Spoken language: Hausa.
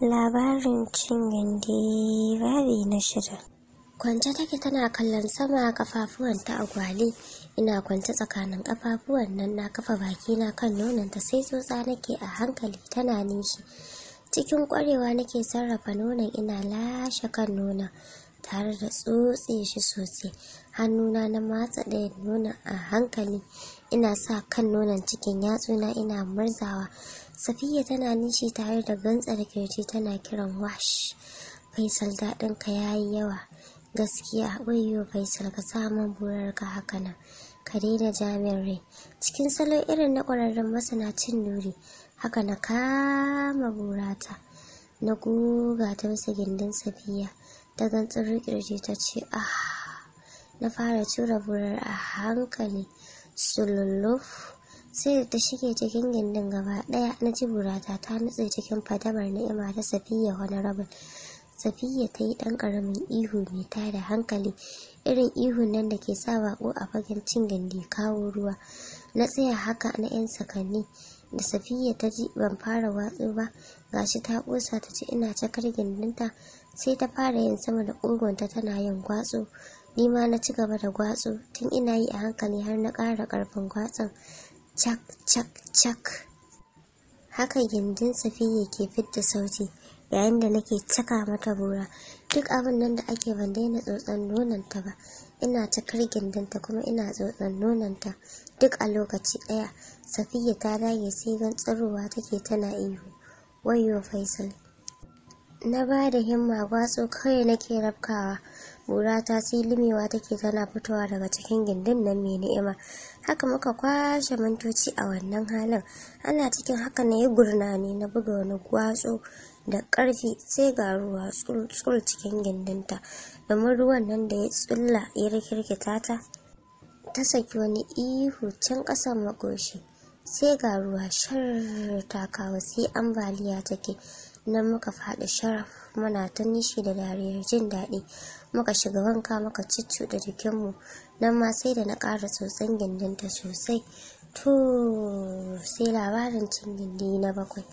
Labarin cin gindi na shida. Kwance take tana kallon sama kafafuwanta a agwali. ina kwance tsakanin kafafuwan nan na kafa baki na kan nononta sai tsotsa nake a hankali tana nishi. Cikin ƙwarewa nake sarrafa nonon ina lashe kan nonon tare da tsotse shi sosai. Hannuna na matsa ɗaya nonon a hankali ina sa kan nonon cikin yatsuna ina murzawa. safiya tana nishi tare da gantsar kirji tana kiran wash faisal daɗinka ya yi yawa gaskiya wayyo faisal ka samun ka haka nan ka daina jami'ar rai cikin salon irin na ƙwararren masana cin nuri haka na kama burata na guga ta bisa gindin safiya ta gantsar kirji ta ce ah na fara tura burar a hankali sululuf sai da ta shige cikin gindin gaba ɗaya na ji burata ta nutse cikin fadamar ni'ima ta safiya wani rabin safiya ta yi ɗan ƙaramin ihu mai tada hankali irin ihun nan da ke sa bako a fagen cin gindi kawo ruwa na tsaya haka na 'yan sakanni da safiya ta ji ban fara watsu ba gashi ta ƙosa ta ci ina cakar gindinta sai ta fara yin sama da ƙugunta tana yin gwatsu ma na ci gaba da gwatsu tun ina yi a hankali har na ƙara ƙarfin gwatsun cak cak cak haka gindin safiya ke fidda sauti yayin da nake caka mata gora. duk abin nan da ake ban daina tsotson nonanta ba ina cakar gindinta kuma ina tsotson nonanta duk a lokaci ɗaya safiya ta dage sai gan tsirowa take tana ihu wayo faisal na ba da himma gwatso kawai nake rafkawa bura ta sai limewa take tana fitowa daga cikin gindin nan mai ni'ima haka muka kwashe mintoci a wannan halin ana cikin haka na yi gurnani na buga wani gwatso da ƙarfi sai ga ruwa tsul cikin gindinta domin ruwan nan da ya tsulla ya rikirkita ta ta saki wani ihu can ƙasan makoshi sai ga ruwa shar ta kawo sai ambaliya take nan muka faɗi sharaf muna ta nishi da dariyar jin daɗi muka shiga wanka muka ciccu da jikinmu nan ma sai da na ƙara tsotson gindinta sosai to sai labarin cin gindi na bakwai